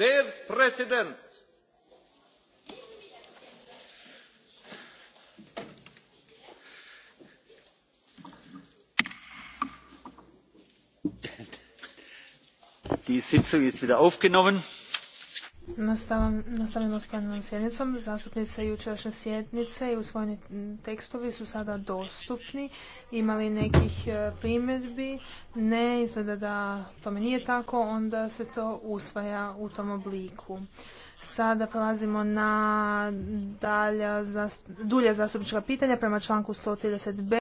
der präsident! die sitzung ist wieder aufgenommen. Nastavljamo s plenarnom sjednicom. Zastupnice jučerašnje sjednice i usvojeni tekstovi su sada dostupni. Imali nekih e, primjedbi? Ne, izgleda da tome nije tako, onda se to usvaja u tom obliku. Sada prelazimo na dalja, dulja zastupnička pitanja prema članku 130